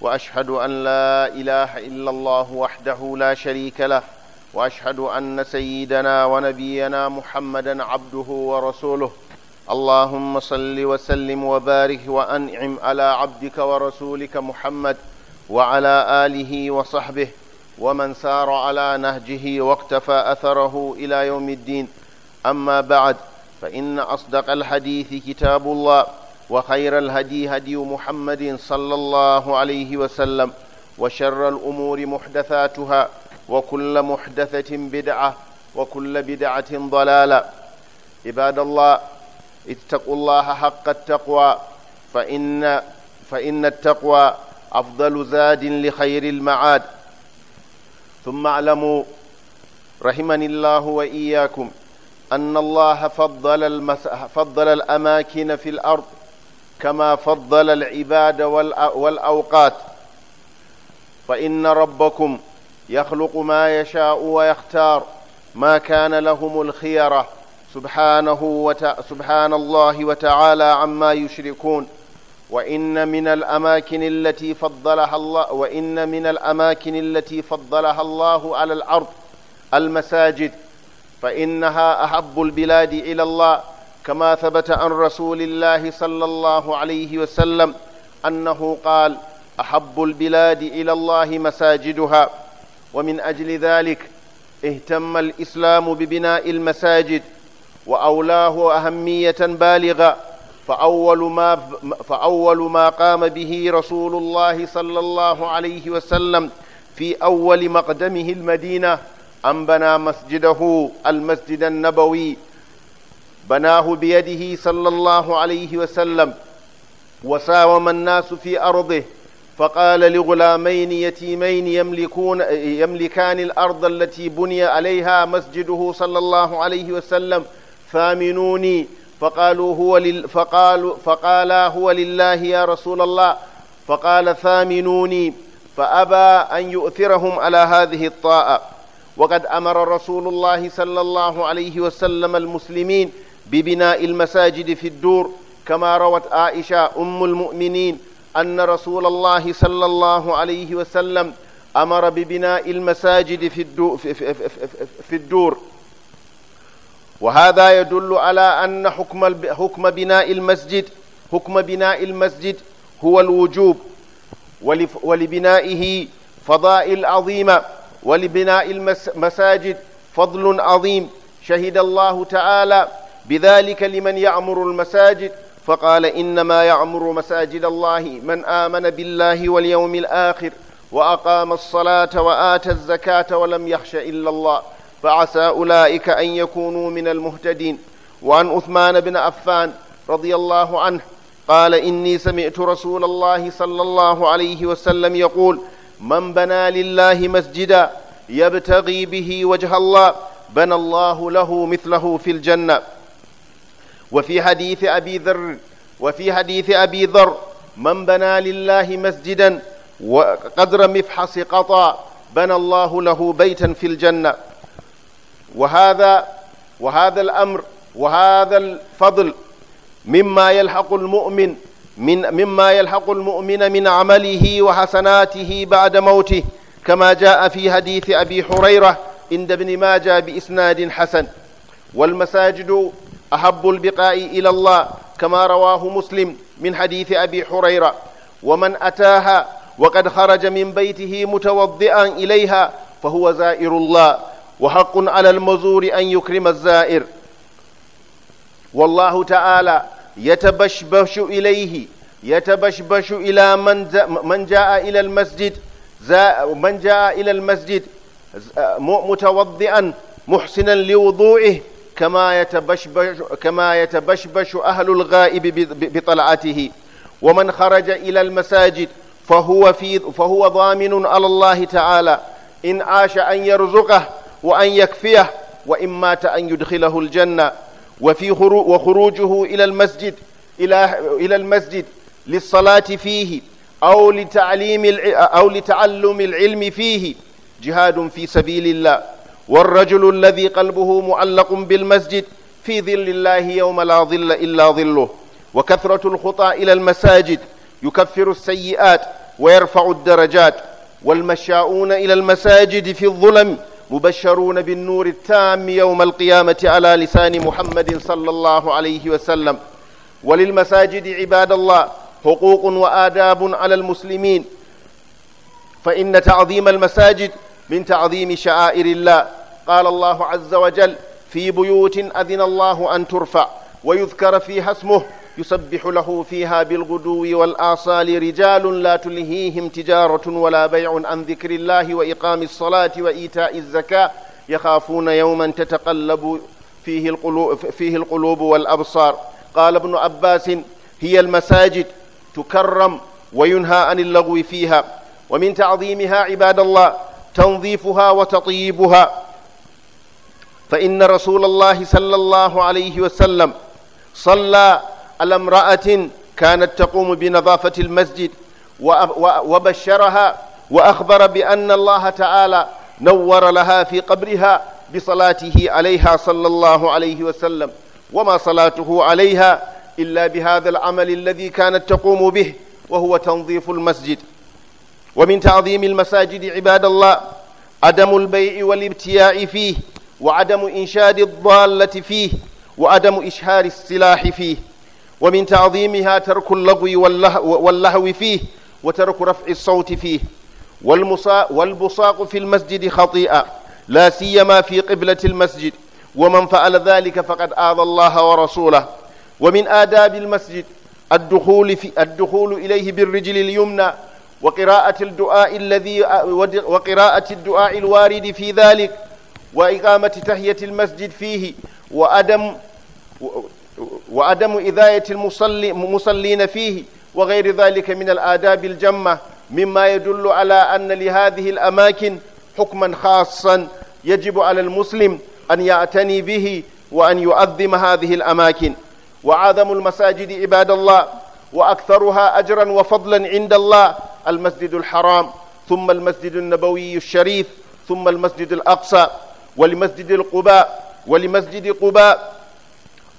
واشهد ان لا اله الا الله وحده لا شريك له واشهد ان سيدنا ونبينا محمدا عبده ورسوله اللهم صل وسلم وبارك وانعم على عبدك ورسولك محمد وعلى اله وصحبه ومن سار على نهجه واقتفى اثره الى يوم الدين اما بعد فان اصدق الحديث كتاب الله وخير الهدي هدي محمد صلى الله عليه وسلم وشر الأمور محدثاتها وكل محدثة بدعة وكل بدعة ضلالة عباد الله اتقوا الله حق التقوى فإن, فإن التقوى أفضل زاد لخير المعاد ثم اعلموا رحمني الله وإياكم أن الله فضل, فضل الأماكن في الأرض كما فضل العباد والأوقات فإن ربكم يخلق ما يشاء ويختار ما كان لهم الخيرة سبحانه وت... سبحان الله وتعالى عما يشركون وإن من الأماكن التي فضلها الله وإن من الأماكن التي فضلها الله على الأرض المساجد فإنها أحب البلاد إلى الله كما ثبت عن رسول الله صلى الله عليه وسلم أنه قال أحب البلاد إلى الله مساجدها ومن أجل ذلك اهتم الإسلام ببناء المساجد وأولاه أهمية بالغة فأول ما, فأول ما قام به رسول الله صلى الله عليه وسلم في أول مقدمه المدينة أن بنى مسجده المسجد النبوي بناه بيده صلى الله عليه وسلم وساوم الناس في أرضه فقال لغلامين يتيمين يملكون يملكان الأرض التي بني عليها مسجده صلى الله عليه وسلم فامنوني فقالوا هو لل فقالوا فقالا هو لله يا رسول الله فقال ثامنوني فأبى أن يؤثرهم على هذه الطاعة وقد أمر رسول الله صلى الله عليه وسلم المسلمين ببناء المساجد في الدور كما روت عائشة أم المؤمنين أن رسول الله صلى الله عليه وسلم أمر ببناء المساجد في الدور, في, في, في, في الدور وهذا يدل على أن حكم, حكم بناء المسجد حكم بناء المسجد هو الوجوب ولبنائه فضائل عظيمة ولبناء المساجد فضل عظيم شهد الله تعالى بذلك لمن يعمر المساجد فقال إنما يعمر مساجد الله من آمن بالله واليوم الآخر وأقام الصلاة وآتى الزكاة ولم يخش إلا الله فعسى أولئك أن يكونوا من المهتدين وعن أثمان بن عفان رضي الله عنه قال إني سمعت رسول الله صلى الله عليه وسلم يقول من بنى لله مسجدا يبتغي به وجه الله بنى الله له مثله في الجنة وفي حديث أبي ذر وفي حديث أبي ذر من بنى لله مسجدا وقدر مفحص قطا بنى الله له بيتا في الجنة وهذا وهذا الأمر وهذا الفضل مما يلحق المؤمن من مما يلحق المؤمن من عمله وحسناته بعد موته كما جاء في حديث أبي هريرة عند ابن ماجه بإسناد حسن والمساجد أحب البقاء إلى الله كما رواه مسلم من حديث أبي حريرة ومن أتاها وقد خرج من بيته متوضئا إليها فهو زائر الله وحق على المزور أن يكرم الزائر والله تعالى يتبشبش إليه يتبشبش إلى من, من جاء إلى المسجد من جاء إلى المسجد متوضئا محسنا لوضوعه كما يتبشبش, كما يتبشبش أهل الغائب بطلعته ومن خرج إلى المساجد فهو, في فهو ضامن على الله تعالى إن عاش أن يرزقه وأن يكفيه وإن مات أن يدخله الجنة وفي وخروجه إلى المسجد إلى, إلى المسجد للصلاة فيه أو لتعليم أو لتعلم العلم فيه جهاد في سبيل الله والرجل الذي قلبه معلق بالمسجد في ظل الله يوم لا ظل إلا ظله وكثرة الخطى إلى المساجد يكفر السيئات ويرفع الدرجات والمشاؤون إلى المساجد في الظلم مبشرون بالنور التام يوم القيامة على لسان محمد صلى الله عليه وسلم وللمساجد عباد الله حقوق وآداب على المسلمين فإن تعظيم المساجد من تعظيم شعائر الله قال الله عز وجل في بيوت أذن الله أن ترفع ويذكر فيها اسمه يسبح له فيها بالغدو والآصال رجال لا تلهيهم تجارة ولا بيع عن ذكر الله وإقام الصلاة وإيتاء الزكاة يخافون يوما تتقلب فيه القلوب, فيه القلوب والأبصار قال ابن عباس هي المساجد تكرم وينهى عن اللغو فيها ومن تعظيمها عباد الله تنظيفها وتطيبها فإن رسول الله صلى الله عليه وسلم صلى على امرأة كانت تقوم بنظافة المسجد وبشرها وأخبر بأن الله تعالى نور لها في قبرها بصلاته عليها صلى الله عليه وسلم وما صلاته عليها إلا بهذا العمل الذي كانت تقوم به وهو تنظيف المسجد ومن تعظيم المساجد عباد الله عدم البيع والابتياع فيه وعدم إنشاد الضالة فيه وعدم إشهار السلاح فيه ومن تعظيمها ترك اللغو واللهو, فيه وترك رفع الصوت فيه والبصاق في المسجد خطيئة لا سيما في قبلة المسجد ومن فعل ذلك فقد آذى الله ورسوله ومن آداب المسجد الدخول, في الدخول إليه بالرجل اليمنى وقراءة الدعاء الذي وقراءة الدعاء الوارد في ذلك وإقامة تحية المسجد فيه وأدم وعدم إذاية المصلين فيه وغير ذلك من الآداب الجمة مما يدل على أن لهذه الأماكن حكما خاصا يجب على المسلم أن يعتني به وأن يؤذم هذه الأماكن وعظم المساجد عباد الله وأكثرها أجرا وفضلا عند الله المسجد الحرام ثم المسجد النبوي الشريف ثم المسجد الأقصى ولمسجد القباء ولمسجد قباء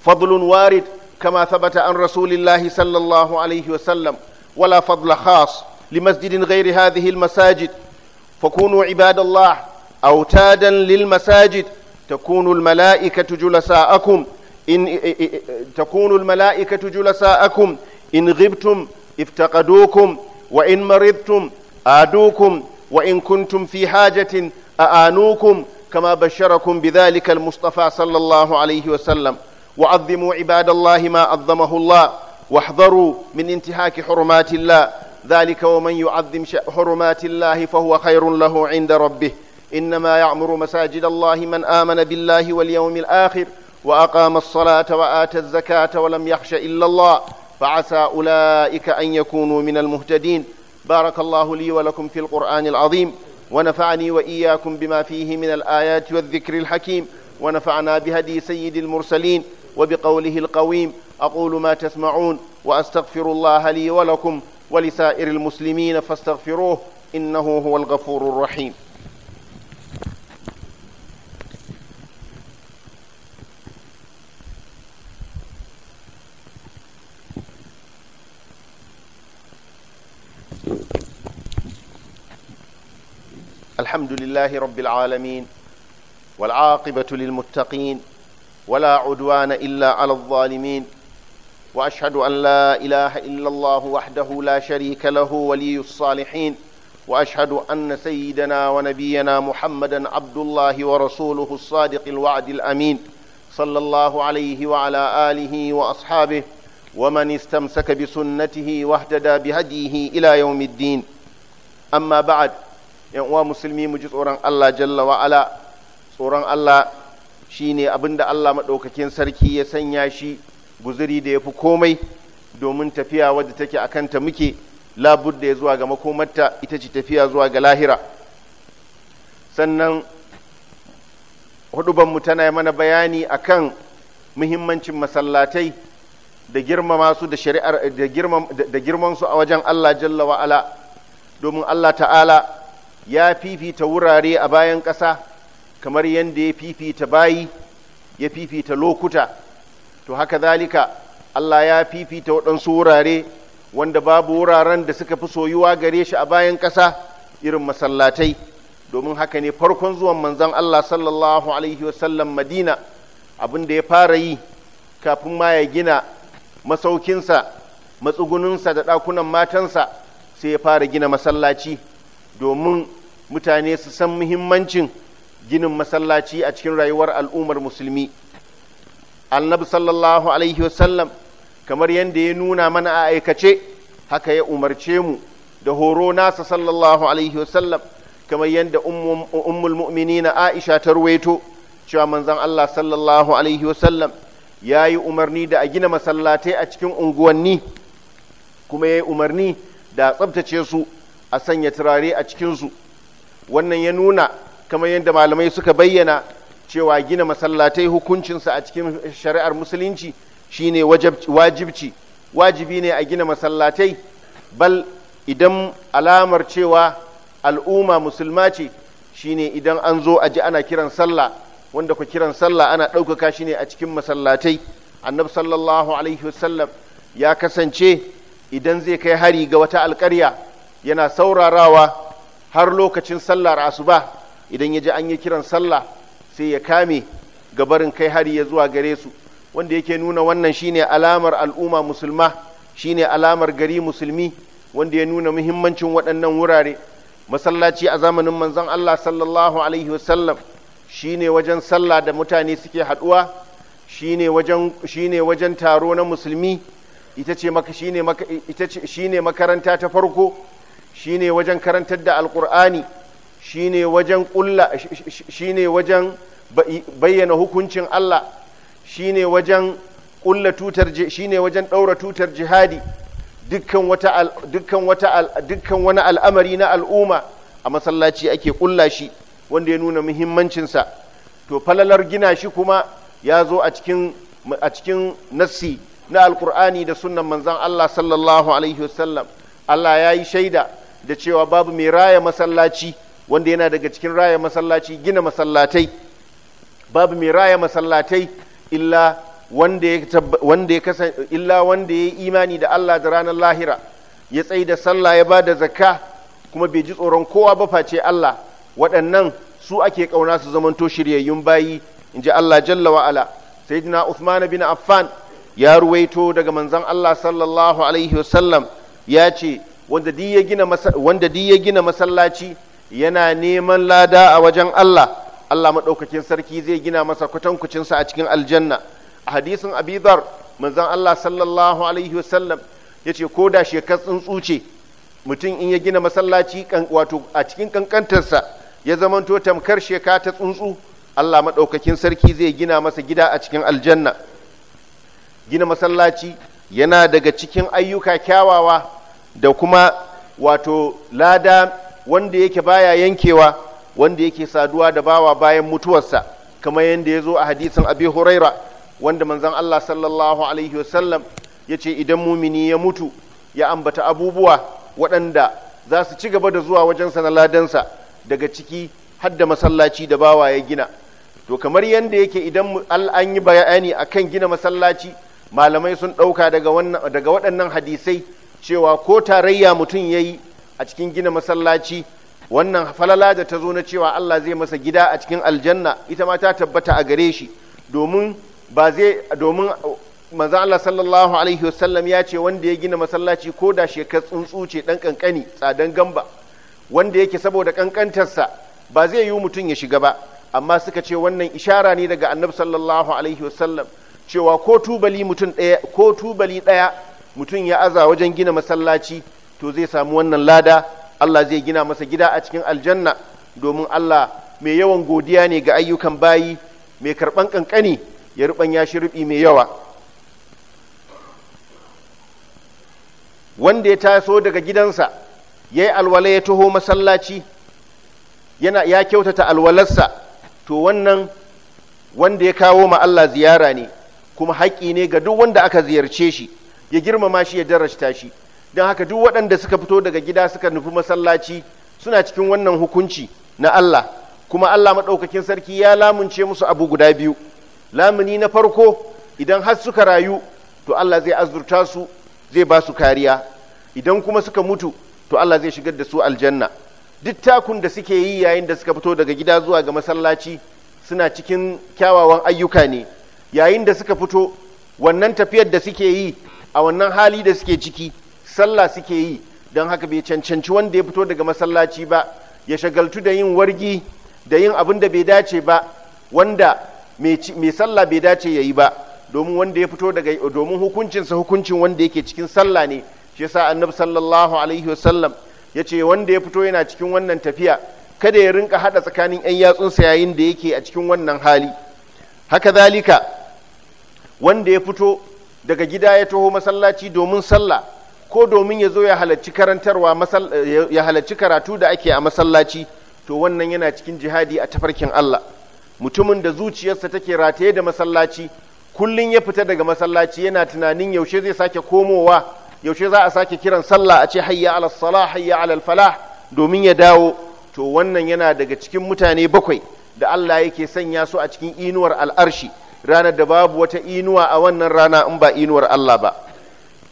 فضل وارد كما ثبت عن رسول الله صلى الله عليه وسلم ولا فضل خاص لمسجد غير هذه المساجد فكونوا عباد الله أوتادا للمساجد تكون الملائكة جلساءكم إن تكون الملائكة جلساءكم إن غبتم افتقدوكم وإن مرضتم آدوكم وإن كنتم في حاجة أآنوكم كما بشركم بذلك المصطفى صلى الله عليه وسلم وعظموا عباد الله ما عظمه الله واحذروا من انتهاك حرمات الله ذلك ومن يعظم حرمات الله فهو خير له عند ربه إنما يعمر مساجد الله من آمن بالله واليوم الآخر وأقام الصلاة وآتى الزكاة ولم يخش إلا الله فعسى أولئك أن يكونوا من المهتدين بارك الله لي ولكم في القرآن العظيم ونفعني وإياكم بما فيه من الآيات والذكر الحكيم ونفعنا بهدي سيد المرسلين وبقوله القويم أقول ما تسمعون وأستغفر الله لي ولكم ولسائر المسلمين فاستغفروه إنه هو الغفور الرحيم الحمد لله رب العالمين والعاقبة للمتقين ولا عدوان إلا على الظالمين وأشهد أن لا إله إلا الله وحده لا شريك له ولي الصالحين وأشهد أن سيدنا ونبينا محمدا عبد الله ورسوله الصادق الوعد الأمين صلى الله عليه وعلى آله وأصحابه ومن استمسك بسنته واهتدى بهديه إلى يوم الدين أما بعد yan uwa musulmi mu ji tsoron Allah jalla wa tsoron Allah shine abinda Allah madaukakin sarki ya sanya shi guzuri da ya fi komai domin tafiya wadda take akan ta muke da ya zuwa ga makomarta ita ce tafiya zuwa ga lahira sannan mu tana mana bayani akan muhimmancin masallatai da girmama su da shari'ar da girman su a wajen Allah jalla wa ala domin Allah ta'ala ya fifita wurare a bayan ƙasa kamar yadda ya fifita bayi ya fifita lokuta to haka zalika Allah ya fifita waɗansu wurare wanda babu wuraren da suka fi soyuwa gare shi a bayan ƙasa irin masallatai domin haka ne farkon zuwan manzon Allah sallallahu alaihi wasallam Madina abin da ya fara yi kafin ma ya gina masaukinsa matsuguninsa da ɗakunan matansa sai ya fara gina masallaci domin mutane su san muhimmancin ginin masallaci a cikin rayuwar al'ummar musulmi annabi sallallahu alaihi wasallam kamar yadda ya nuna mana a aikace haka ya umarce mu da horo nasa sallallahu alaihi wasallam kamar yadda ummul mu'minina aisha ta ruwaito cewa manzon Allah sallallahu alaihi wasallam ya yi umarni da a gina masallatai a cikin unguwanni kuma ya yi umarni da a tsabtace su a sanya turare a cikinsu wannan ya nuna kamar yadda malamai suka bayyana cewa gina masallatai hukuncinsa a cikin shari'ar musulunci shine wajibci wajibi ne a gina masallatai bal idan alamar cewa al'umma musulma ce shine idan an zo a ji ana kiran sallah wanda ku kiran sallah ana ɗaukaka shi ne a cikin masallatai annab sallallahu alaihi wasallam ya kasance idan zai kai hari ga wata alƙarya yana saurarawa har lokacin sallar asuba idan ya ji an yi kiran sallah sai ya kame gabarin kai hari ya zuwa gare su wanda yake nuna wannan shine alamar al'umma musulma shine alamar gari musulmi wanda ya nuna muhimmancin waɗannan wurare masallaci a zamanin manzon Allah sallallahu alaihi wasallam shine wajen sallah da mutane suke haɗuwa shine wajen shine wajen taro na musulmi ita ce maka shine maka ita ce shine makaranta ta farko Shi ne wajen karantar da alkur'ani shine wajen kulla wajen bayyana hukuncin Allah ne wajen kulla tutar ne wajen ɗaura tutar jihadi dukkan wata dukkan wani al'amari na al'umma a masallaci ake ƙulla shi wanda ya nuna muhimmancinsa to falalar gina shi kuma ya zo a cikin a cikin nassi na alkur'ani da sunnan manzon Allah sallallahu alaihi wasallam Allah ya yi shaida da cewa babu mai raya masallaci wanda yana daga cikin raya masallaci gina masallatai babu mai raya masallatai illa wanda ya yi imani da Allah da ranar lahira ya tsaye da sallah ya ba da zakka kuma bai ji tsoron kowa ba face Allah waɗannan su ake kauna su zamanto shiryayyun bayi in ji Allah jalla wa ala sayyidina Uthman bin Affan ya ruwaito daga manzon Allah sallallahu alaihi wasallam ya ce wanda duk ya gina masallaci yana neman lada a wajen Allah Allah maɗaukakin sarki zai gina masa kwatankucinsa a cikin aljanna a hadisin abidar manzan Allah sallallahu alaihi wasallam ya ce ko da shekar tsuntsu ce mutum in ya gina masallaci wato a cikin kankantarsa ya zamanto tamkar sheka ta tsuntsu Allah maɗaukakin sarki zai gina masa gida a cikin aljanna gina masallaci yana daga cikin ayyuka kyawawa da kuma wato lada wanda yake baya yankewa wanda yake saduwa da bawa bayan mutuwarsa kamar yadda ya zo a hadisin abi huraira wanda manzan Allah sallallahu alaihi wasallam ya ce idan mumini ya mutu ya ambata abubuwa waɗanda za su ci gaba da zuwa wajensa na ladansa daga ciki har da masallaci da bawa ya gina to kamar yadda yake idan an yi bayani a kan gina masallaci malamai sun ɗauka daga waɗannan hadisai cewa ko tarayya mutum ya yi a cikin gina masallaci wannan falala da ta zo na cewa Allah zai masa gida a cikin aljanna ita ma ta tabbata a gare shi domin ba zai domin manzo Allah sallallahu alaihi wasallam ya ce wanda ya gina masallaci ko da shekar tsuntsu ce dan kankani tsadan gamba wanda yake saboda kankantarsa ba zai yi mutum ya shiga ba amma suka ce wannan ishara ne daga annabi sallallahu alaihi wasallam cewa ko tubali mutum daya ko tubali ɗaya mutum ya aza wajen gina masallaci to zai samu wannan lada Allah zai gina masa gida a cikin aljanna domin Allah mai yawan godiya ne ga ayyukan bayi mai karban kankani ya ya shi rubi mai yawa wanda ya taso daga gidansa ya yi alwala ya taho masallaci yana ya kyautata alwalarsa to wannan wanda ya kawo ma Allah ziyara ne kuma haƙƙi ne ga duk wanda aka ziyarce shi ya girmama shi ya ta shi don haka duk waɗanda suka fito daga gida suka nufi masallaci suna cikin wannan hukunci na Allah kuma Allah maɗaukakin sarki ya lamunce musu abu guda biyu lamuni na farko idan har suka rayu to Allah zai azurta su zai ba su kariya idan kuma suka mutu to Allah zai shigar da su aljanna duk takun da suke yi yayin da suka fito daga gida zuwa ga masallaci suna cikin kyawawan ayyuka ne yayin da suka fito wannan tafiyar da suke yi a wannan hali da suke ciki sallah suke yi don haka bai cancanci wanda ya fito daga masallaci ba ya shagaltu da yin wargi da yin abin da bai dace ba wanda mai sallah bai dace ya yi ba domin wanda ya fito daga domin hukuncinsa hukuncin wanda yake cikin sallah ne shi yasa annabi sallallahu alaihi wasallam ya ce wanda ya fito yana cikin wannan tafiya kada ya rinka hada tsakanin 'yan yatsunsa yayin da yake a cikin wannan hali haka zalika wanda ya fito daga gida ya taho masallaci domin sallah ko domin ya zo ya halarci karantarwa ya halarci karatu da ake a masallaci to wannan yana cikin jihadi a tafarkin Allah mutumin da zuciyarsa take rataye da masallaci kullun ya fita daga masallaci yana tunanin yaushe zai sake komowa yaushe za a sake kiran sallah a ce hayya ala salah hayya ala falah domin ya dawo to wannan yana daga cikin mutane bakwai da Allah yake sanya su a cikin inuwar al'arshi ranar da babu wata inuwa a wannan rana in ba inuwar Allah ba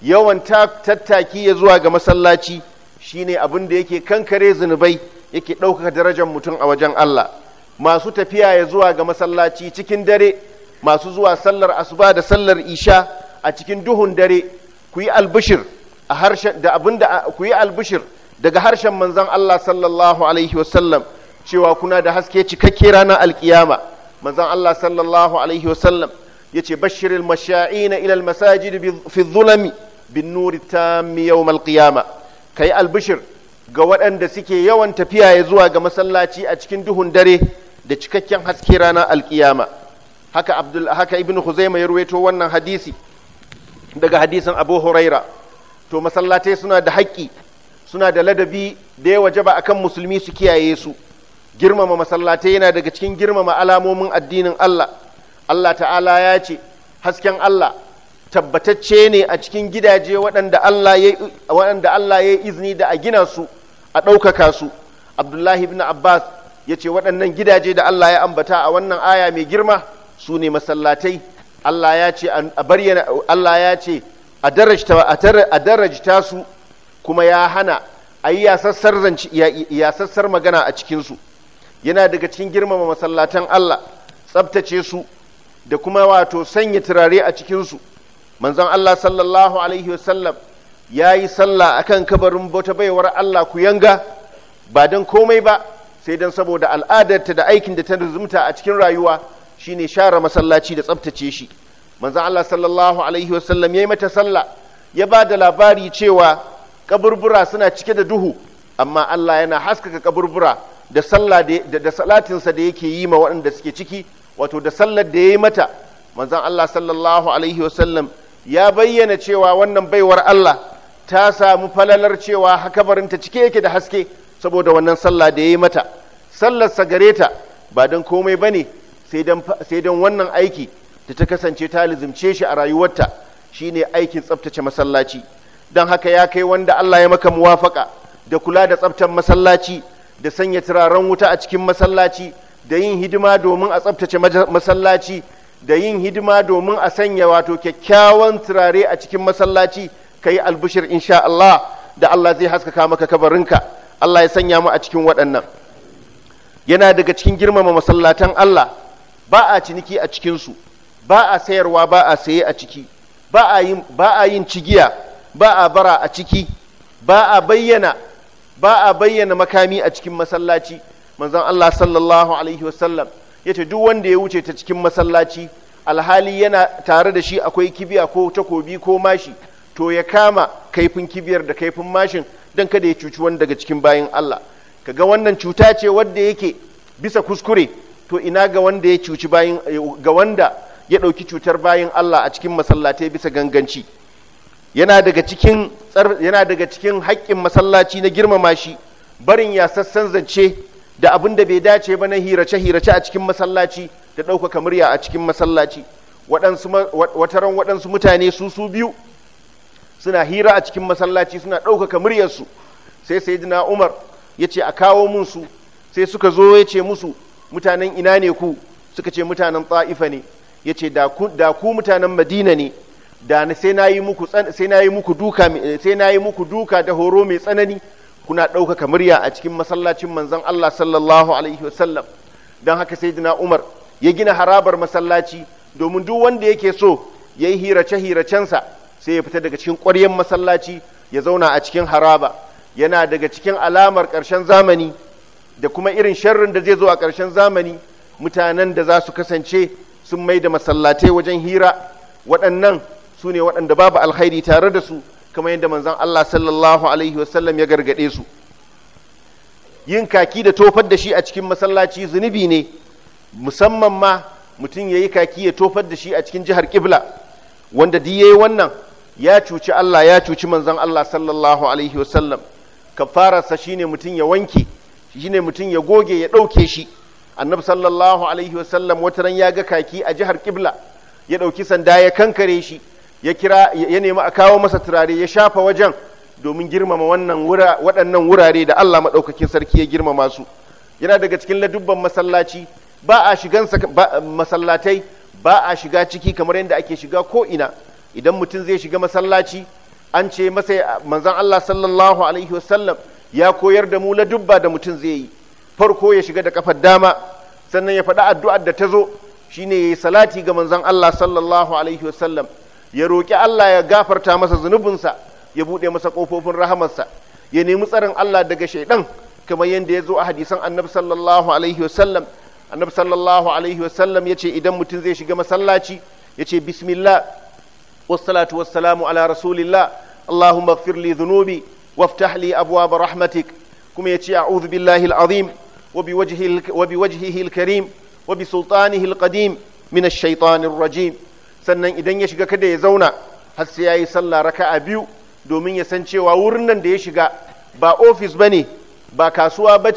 yawan tattaki ya zuwa ga masallaci shine abin da yake kankare zunubai yake ɗaukaka darajar mutum a wajen Allah masu tafiya ya zuwa ga masallaci cikin dare masu zuwa sallar asuba da sallar isha a cikin duhun dare ku yi albishir a harshen da abin da ku yi albishir daga harshen manzon Allah sallallahu alaihi wasallam cewa kuna da haske cikakke ranar alkiyama manzon Allah sallallahu alaihi wasallam yace al masha'ina ila al masajid fi dhulami bin nuri ta yawm al qiyama kai albishir ga waɗanda suke yawan tafiya ya zuwa ga masallaci a cikin duhun dare da cikakken haske ranar alkiyama haka abdul haka ibnu khuzaima ya ruwaito wannan hadisi daga hadisin abu huraira to masallatai suna da haƙƙi suna da ladabi da ya wajaba akan musulmi su kiyaye su girmama masallatai yana daga cikin girmama alamomin addinin Allah Allah ta'ala ya ce hasken Allah tabbatacce ne a cikin gidaje waɗanda Allah ya yi izini da a gina su a ɗaukaka su Abdullahi ibn Abbas ya ce waɗannan gidaje da Allah ya ambata a wannan aya mai girma su ne masallatai Allah ya ce a bayyana Allah ya ce a darajta su kuma ya hana a yi yasassar magana a cikinsu yana daga cikin girmama masallatan Allah tsabtace su da kuma wato sanya turare a cikinsu manzon Allah sallallahu alaihi wasallam ya yi sallah akan kabarin bauta baiwar Allah ku yanga ba don komai ba sai don saboda al'adarta da aikin da ta zumta a cikin rayuwa shine share masallaci da tsabtace shi manzon Allah sallallahu alaihi wasallam ya yi mata sallah ya ba da labari cewa kaburbura suna cike da duhu amma Allah yana haskaka kaburbura da sallah da salatinsa da yake yi ma waɗanda suke ciki wato da sallar da ya yi mata manzon Allah sallallahu alaihi wasallam ya bayyana cewa wannan baiwar Allah ta samu falalar cewa haka barinta cike yake da haske saboda wannan sallah da ya yi mata sallarsa gare ta ba don komai ba ne sai don wannan aiki da ta kasance ta lizimce shi a rayuwarta shine aikin tsaftace masallaci don haka ya kai wanda Allah ya maka muwafaka da kula da tsabtar masallaci da sanya turaren wuta a cikin masallaci da yin hidima domin a tsabtace masallaci da yin hidima domin a sanya wato kyakkyawan turare a cikin masallaci ka yi albushir insha Allah da Allah zai haskaka maka kabarinka Allah ya sanya mu a cikin waɗannan yana daga cikin girmama masallatan Allah ba a ciniki a cikinsu ba a sayarwa ba a saye a ciki ba a yin cigiya ba a bara a ciki ba a bayyana ba a bayyana makami a cikin masallaci manzon Allah sallallahu alaihi wasallam yace duk wanda ya wuce ta cikin masallaci alhali yana tare da shi akwai kibiya ko takobi ko mashi to ya kama kaifin kibiyar da kaifin mashin dan kada ya cuci wani daga cikin bayan Allah kaga wannan cuta ce wanda yake bisa kuskure to ina ga wanda ya cuci bayin ga wanda ya ɗauki cutar bayin Allah a cikin masallatai bisa ganganci yana daga cikin yana daga cikin haƙƙin masallaci na girmama shi barin yasassan zance da abin da bai dace ba na hirace-hirace a cikin masallaci da ɗaukaka murya a cikin masallaci wataran waɗansu mutane su su biyu suna hira a cikin masallaci suna ɗaukaka muryarsu sai sai dina umar ya ce a kawo mun su sai suka zo ya ce musu mutanen ina ne ku suka ce mutanen tsa'ifa ne ya ce da ku mutanen madina ne da sai na yi muku duka da horo mai tsanani kuna ɗaukaka murya a cikin masallacin manzon Allah sallallahu alaihi wasallam don haka sai sayyidina Umar ya gina harabar masallaci domin duk wanda yake so ya yayi hirace hiracensa sai ya fita daga cikin ƙwaryen masallaci ya zauna a cikin haraba yana daga cikin alamar ƙarshen zamani da kuma irin sharrin da zai zo a ƙarshen zamani mutanen da za su kasance sun mai da masallatai wajen hira waɗannan su ne waɗanda babu alkhairi tare da su kamar yadda manzan Allah sallallahu alaihi wasallam ya gargaɗe su yin kaki da tofar da shi a cikin masallaci zunubi ne musamman ma mutum ya yi kaki ya tofar da shi a cikin jihar kibla wanda diye yayi wannan ya cuci Allah ya cuci manzan Allah sallallahu alaihi wasallam kafararsa ne mutum ya wanke shi ne mutum ya goge ya ɗauke shi annabi sallallahu alaihi wasallam wata ran ya ga kaki a jihar ƙibla ya ɗauki sanda ya kankare shi ya kira ya nemi a kawo masa turare ya shafa wajen domin girmama wannan waɗannan wurare da Allah maɗaukakin sarki ya girmama su yana daga cikin ladubban masallaci ba a shigan masallatai ba a shiga ciki kamar yadda ake shiga ko ina idan mutum zai shiga masallaci an ce masa manzon Allah sallallahu alaihi wasallam ya koyar da mu ladubba da mutum zai yi farko ya shiga da kafar dama sannan ya faɗi addu'ar da ta zo shine yayi salati ga manzon Allah sallallahu alaihi wasallam ya roƙi Allah ya gafarta masa zunubinsa ya buɗe masa ƙofofin rahamarsa ya nemi tsarin Allah daga shaidan kamar yadda ya zo a hadisan annabi sallallahu alaihi wasallam annabi sallallahu alaihi wasallam ya ce idan mutum zai shiga masallaci ya ce bismillah wassalatu wassalamu ala rasulillah allahumma ighfir li dhunubi waftah li abwaab rahmatik kuma ya ce a'udhu billahi al wa bi wajhihi al-karim wa bi sultanihi al-qadim min ash-shaytanir rajim sannan idan ya shiga kada ya zauna har sai ya yi sallah raka'a biyu domin ya san cewa wurin nan da ya shiga ba ofis ba ne ba kasuwa ba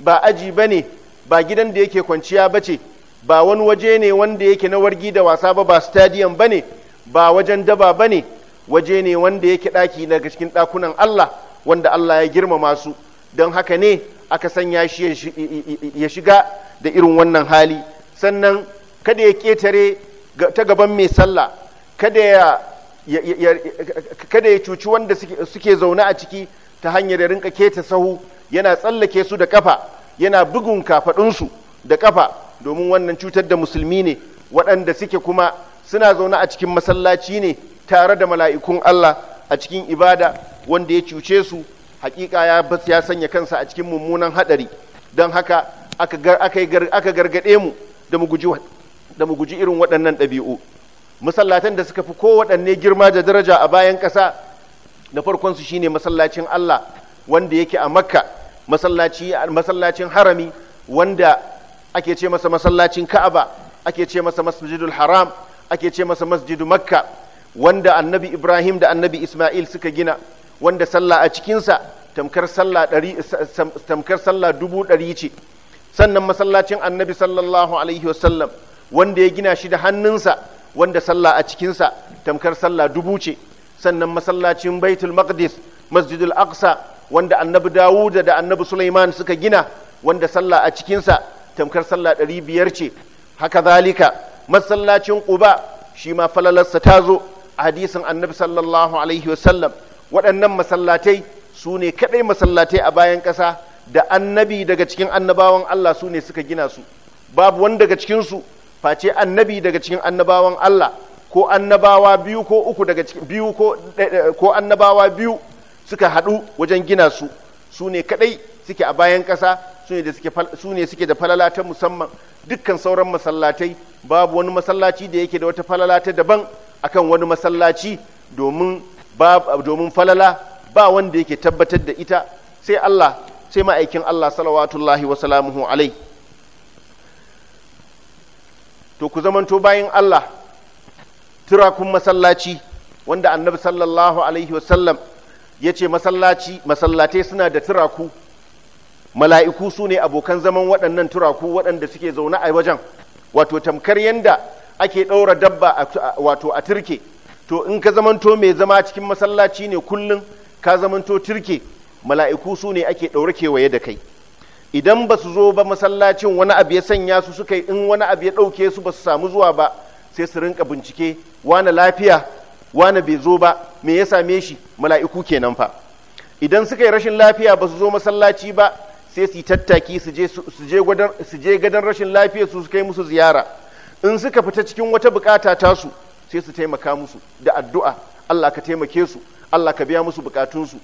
ba aji ba ba gidan da yake kwanciya ba ce ba wani waje ne wanda yake na wargi da wasa ba ba stadium ba ne ba wajen daba ba ne waje ne wanda yake ɗaki daga cikin ɗakunan Allah wanda Allah ya girmama su don haka ne aka sanya shi ya shiga da irin wannan hali sannan kada ya ƙetare ta gaban mai sallah kada ya cuci wanda suke zaune a ciki ta hanyar ya rinka keta sahu yana tsallake su da kafa yana bugun kafaɗunsu da kafa domin wannan cutar da musulmi ne waɗanda suke kuma suna zaune a cikin masallaci ne tare da mala'ikun Allah a cikin ibada wanda ya cuce su hakika ya ya sanya kansa a cikin mummunan haɗari don haka aka gargaɗe mu da mu guji da mu guji irin waɗannan ɗabi'u masallatan da suka fi kowaɗanne girma da daraja a bayan ƙasa na farkon su shine masallacin Allah wanda yake a makka masallacin harami wanda ake ce masa masallacin ka'aba ake ce masa masjidul haram ake ce masa masjidu makka wanda annabi ibrahim da annabi ismail suka gina wanda sallah a cikinsa tamkar sallah dubu ɗari ce sannan masallacin annabi sallallahu alaihi wasallam wanda ya gina shi da hannunsa wanda sallah a cikinsa tamkar sallah dubu ce sannan masallacin baitul maqdis masjidul aqsa wanda annabi dawuda da annabi Suleiman suka gina wanda sallah a cikinsa tamkar sallah ɗari biyar ce haka zalika masallacin quba shi ma falalarsa ta zo a hadisin annabi sallallahu alaihi wasallam waɗannan masallatai su ne kaɗai masallatai a bayan ƙasa da annabi daga cikin annabawan allah su ne suka gina su babu wani daga cikinsu face annabi daga cikin annabawan Allah ko annabawa biyu ko uku daga cikin biyu ko eh, eh, ko annabawa biyu suka haɗu wajen gina su su ne kaɗai suke a bayan ƙasa su ne suke da falala ta musamman dukkan sauran masallatai babu wani masallaci da yake da wata falala ta daban akan wani masallaci domin domin falala ba wanda yake tabbatar da ita sai Allah sai ma'aikin Allah salawatullahi wa salamuhu alaihi to ku zamanto bayan Allah turakun masallaci wanda annabi sallallahu alaihi wasallam ya ce masallaci masallatai suna da turaku mala'iku su ne abokan zaman waɗannan turaku waɗanda suke zaune a wajen wato tamkar yanda ake ɗaura dabba wato a turke to in ka zamanto mai zama cikin masallaci ne kullum ka zamanto turke mala'iku su ne ake ɗaura kewaye da kai idan ba su zo ba masallacin wani abu ya sanya su suka yi in wani abu ya ɗauke su ba su samu zuwa ba sai su rinka bincike wani lafiya wani bai zo ba me ya same shi mala'iku kenan fa idan suka yi rashin lafiya ba su zo masallaci ba sai su yi tattaki su je gadon rashin lafiya su kai musu ziyara in suka fita cikin wata bukata su sai su taimaka musu da addu'a Allah ka taimake su Allah ka biya musu bukatunsu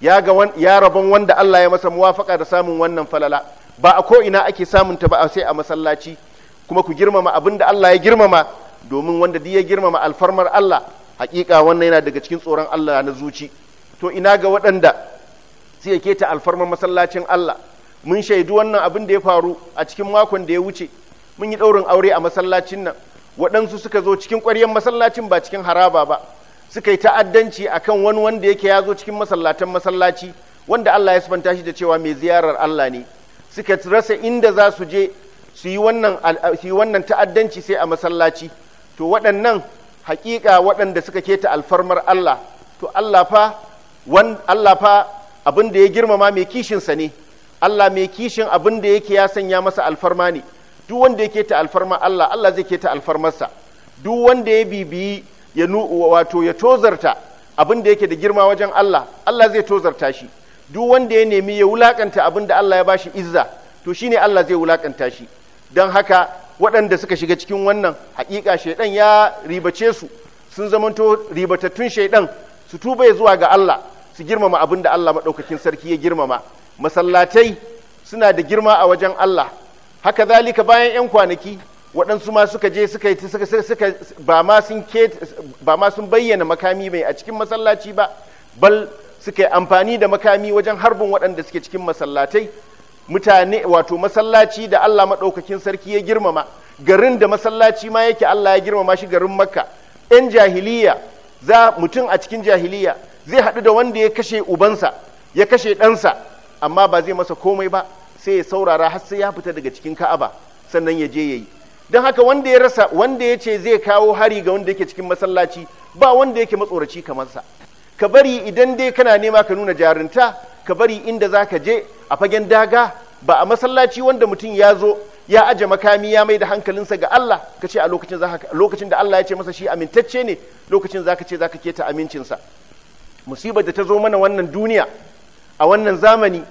ya rabon wanda Allah ya masa muwafaka da samun wannan falala ba a ko ina ake samun ta ba sai a masallaci kuma ku girmama abin da Allah ya girmama domin wanda duk ya girmama alfarmar Allah hakika wannan yana daga cikin tsoron Allah na zuci to ina ga waɗanda sai ke ta alfarmar masallacin Allah mun shaidu wannan abin da ya faru a cikin makon da ya wuce mun yi ɗaurin aure a masallacin nan waɗansu suka zo cikin ƙwaryar masallacin ba cikin haraba ba suka yi ta'addanci akan wani wanda yake ya zo cikin masallatan masallaci wanda Allah ya sabanta shi da cewa mai ziyarar Allah ne suka rasa inda za su je su yi wannan ta'addanci sai a masallaci to waɗannan haƙiƙa waɗanda suka keta alfarmar Allah to Allah fa Allah fa abin da ya girmama mai kishin sa ne Allah mai kishin abin da yake ya sanya masa alfarma ne duk wanda yake ta alfarma Allah Allah zai keta alfarmarsa duk wanda ya bibiyi ya wato ya tozarta abin da yake da girma wajen Allah Allah zai tozarta shi duk wanda ya nemi ya wulakanta abin da Allah ya bashi izza to shine Allah zai wulakanta shi don haka waɗanda suka shiga cikin wannan haƙiƙa shaidan ya ribace su sun zamanto ribatattun shaidan su tuba ya zuwa ga Allah su girmama abin da Allah maɗaukakin sarki ya girmama masallatai suna da girma a wajen Allah haka zalika bayan 'yan kwanaki waɗansu ma suka je suka suka ba ma sun ba ma sun bayyana makami mai a cikin masallaci ba bal suka yi amfani da makami wajen harbin waɗanda suke cikin masallatai mutane wato masallaci da Allah maɗaukakin sarki ya girmama garin da masallaci ma yake Allah ya girmama shi garin makka 'yan jahiliya za mutum a cikin jahiliya zai haɗu da wanda ya kashe ubansa ya kashe ɗansa amma ba zai masa komai ba sai ya saurara har sai ya fita daga cikin ka'aba sannan ya je ya yi don haka wanda ya rasa wanda ya ce zai kawo hari ga wanda yake cikin masallaci ba wanda yake matsoraci kamar sa ka bari idan dai kana nema ka nuna jarinta ka bari inda za ka je a fagen daga ba a masallaci wanda mutum ya zo ya aje makami ya mai da hankalinsa ga Allah ka ce a lokacin lokacin da Allah ya ce masa shi amintacce ne lokacin za ka ce za ka keta amincinsa musibar da ta zo mana wannan duniya a wannan zamani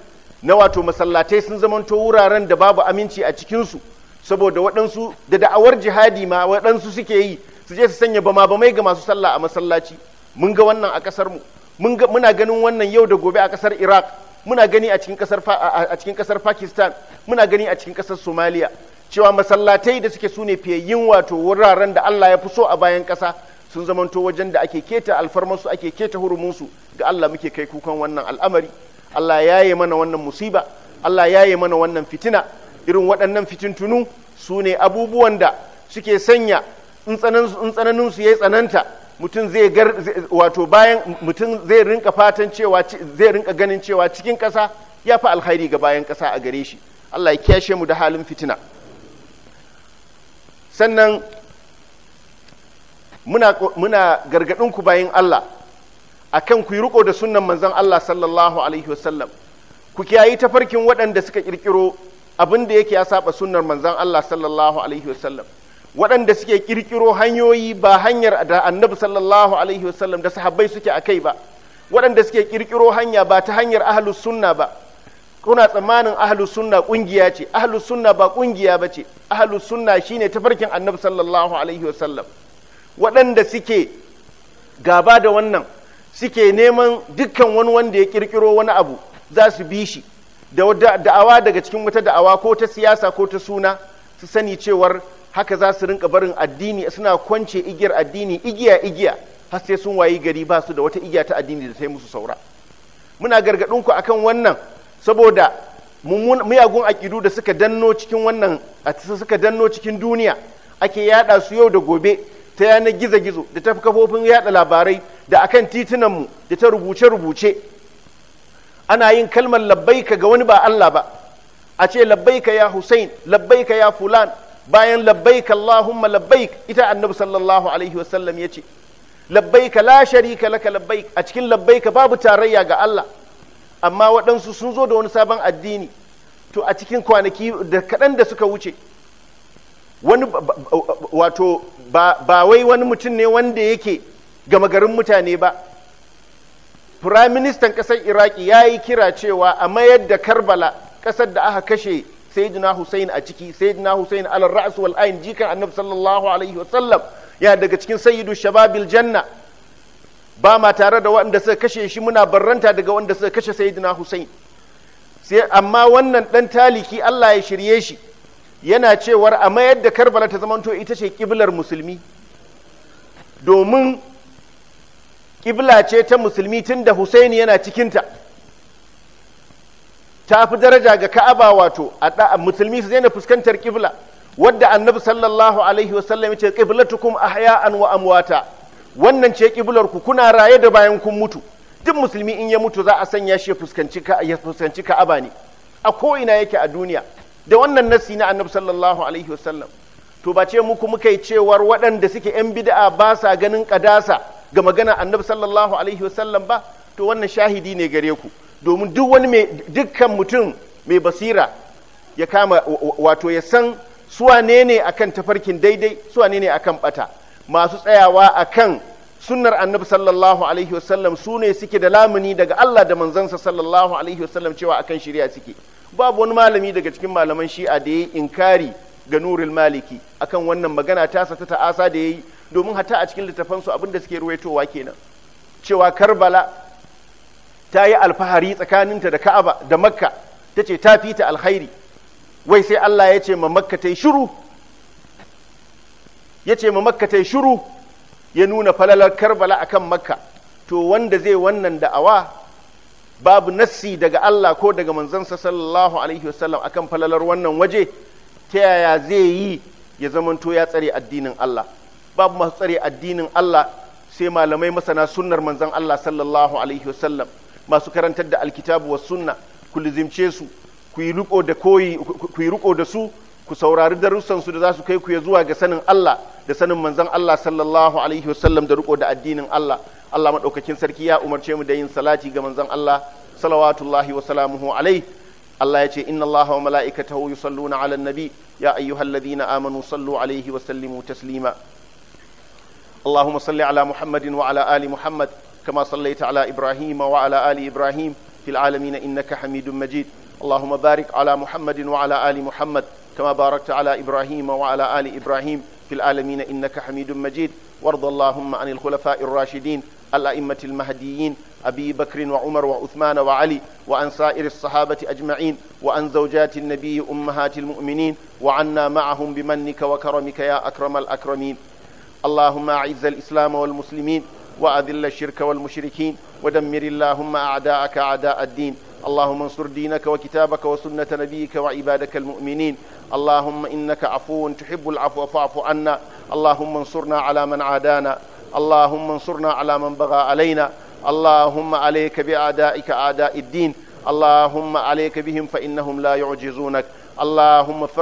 na wato masallatai sun zamanto wuraren da babu aminci a cikinsu saboda waɗansu da da'awar jihadi ma waɗansu suke yi su je su sanya bama bamai ga masu sallah a masallaci mun ga wannan a ƙasar mu muna ganin wannan yau da gobe a ƙasar iraq muna gani a cikin ƙasar a cikin ƙasar pakistan muna gani a cikin ƙasar Somaliya cewa masallatai da suke sune fiyayyin wato wuraren da allah ya fi so a bayan ƙasa sun zamanto wajen da ake keta alfarmansu ake keta hurumunsu ga allah muke kai kukan wannan al'amari allah ya mana wannan musiba allah ya mana wannan fitina irin waɗannan fitintunu su ne abubuwan da suke sanya tsananinsu ya yi tsananta mutum zai wato bayan mutum zai rinka fatan cewa zai rinka ganin cewa cikin ƙasa ya fi alkhairi ga bayan ƙasa a gare shi Allah ya kyashe mu da halin fitina sannan muna, gargaɗin ku bayan Allah a kan ku yi riko da sunan manzan Allah sallallahu alaihi wasallam ku kiyayi tafarkin waɗanda suka ƙirƙiro abin da yake ya saba sunnar manzan Allah sallallahu alaihi wasallam waɗanda suke kirkiro hanyoyi ba hanyar da annabi sallallahu alaihi wasallam da sahabbai suke a kai ba waɗanda suke kirkiro hanya ba ta hanyar ahlus sunna ba kuna tsammanin ahlus sunna kungiya ce ahlus sunna ba ƙungiya ba ce ahlus sunna shine tafarkin annabi sallallahu alaihi wasallam waɗanda suke gaba da wannan suke neman dukkan wani wanda ya kirkiro wani abu za su bi shi da da'awa daga cikin wata da'awa ko ta siyasa ko ta suna su sani cewar haka za su rinka barin addini suna kwance igiyar addini igiya igiya har sai sun wayi gari ba su da wata igiya ta addini da ta yi musu saura muna gargaɗin ku akan wannan saboda miyagun akidu da suka danno cikin wannan suka danno cikin duniya ake yada su yau da gobe ta yanar gizo-gizo da ta kafofin yada labarai da akan titunanmu da ta rubuce-rubuce ana yin kalmar labbaika ga wani ba Allah ba a ce labbaika ya Hussein labbaika ya fulan bayan labbaika Allahumma labbaik ita annabi sallallahu alaihi wasallam ya ce labbaika la sharika laka labbaik a cikin labbaika babu tarayya ga Allah amma waɗansu sun zo da wani sabon addini to a cikin kwanaki da kaɗan da suka wuce wani wato ba wai wani mutum ne wanda yake gama garin mutane ba firaministan ƙasar iraki ya yi kira cewa a mayar da karbala ƙasar da aka kashe sayyidina hussein a ciki sayyidina hussein alal ra'as wal ayn jikan annabi sallallahu alaihi wasallam ya daga cikin sayyidu shababil janna ba ma tare da waɗanda suka kashe shi muna barranta daga wanda suka kashe sayyidina hussein sai amma wannan ɗan taliki Allah ya shirye shi yana cewar a mayar da karbala ta zamanto ita ce kiblar musulmi domin ƙibla ce ta musulmi tun da husaini yana cikinta ta fi daraja ga ka'aba wato a musulmi su zaina fuskantar ƙibla wadda annabi sallallahu alaihi wasallam ce qiblatukum ahya'an wa amwata wannan ce ƙiblar ku kuna raye da bayan kun mutu duk musulmi in ya mutu za a sanya shi fuskanci ya fuskanci ka'aba ne a ko ina yake a duniya da wannan nasi na annabi sallallahu alaihi wasallam to ba ce muku muka yi cewar waɗanda suke 'yan bid'a ba sa ganin ƙadasa ga magana annabi sallallahu alaihi wasallam ba to wannan shahidi ne gare ku domin duk wani mai dukkan mutum mai basira ya kama wato ya san suwa ne akan tafarkin daidai suwa ne akan bata masu tsayawa akan sunnar annabi sallallahu alaihi wasallam su ne suke da lamuni daga Allah da manzansa sallallahu alaihi wasallam cewa akan shari'a suke babu wani malami daga cikin malaman shi'a da yayi inkari ga nurul maliki akan wannan magana tasa ta ta'asa da yayi domin hata a cikin littafansu abinda suke ruwaitowa kenan cewa karbala ta yi alfahari tsakaninta da ka'aba da makka ta ce ta fita alkhairi wai sai allah ya ce ma makka ta yi shuru ya nuna falalar karbala akan makka to wanda zai wannan da'awa babu nassi daga allah ko daga manzansa sallallahu alaihi wasallam akan falalar wannan waje ta yaya zai yi ya zamanto ya tsare addinin allah babu masu tsare addinin Allah sai malamai masana sunnar manzon Allah sallallahu alaihi wasallam masu karantar da alkitabu wa sunna ku lizimce su ku yi riko da su ku saurari darussan su da za su kai ku ya zuwa ga sanin Allah da sanin manzan Allah sallallahu alaihi wasallam da riko da addinin Allah Allah madaukakin sarki ya umarce mu da yin salati ga manzan Allah salawatullahi wa salamuhu alaihi Allah ya ce inna Allah wa mala'ikatahu yusalluna 'alan nabi ya ayyuhalladhina amanu sallu alaihi wa sallimu taslima اللهم صل على محمد وعلى آل محمد كما صليت على إبراهيم وعلى آل إبراهيم في العالمين إنك حميد مجيد اللهم بارك على محمد وعلى آل محمد كما باركت على إبراهيم وعلى آل إبراهيم في العالمين إنك حميد مجيد وارض اللهم عن الخلفاء الراشدين الأئمة المهديين أبي بكر وعمر وعثمان وعلي وعن سائر الصحابة أجمعين وعن زوجات النبي أمهات المؤمنين وعنا معهم بمنك وكرمك يا أكرم الأكرمين اللهم أعز الإسلام والمسلمين وأذل الشرك والمشركين ودمر اللهم أعداءك أعداء الدين اللهم انصر دينك وكتابك وسنة نبيك وعبادك المؤمنين اللهم إنك عفو تحب العفو فاعف عنا اللهم انصرنا على من عادانا اللهم انصرنا على من بغى علينا اللهم عليك بأعدائك أعداء الدين اللهم عليك بهم فإنهم لا يعجزونك اللهم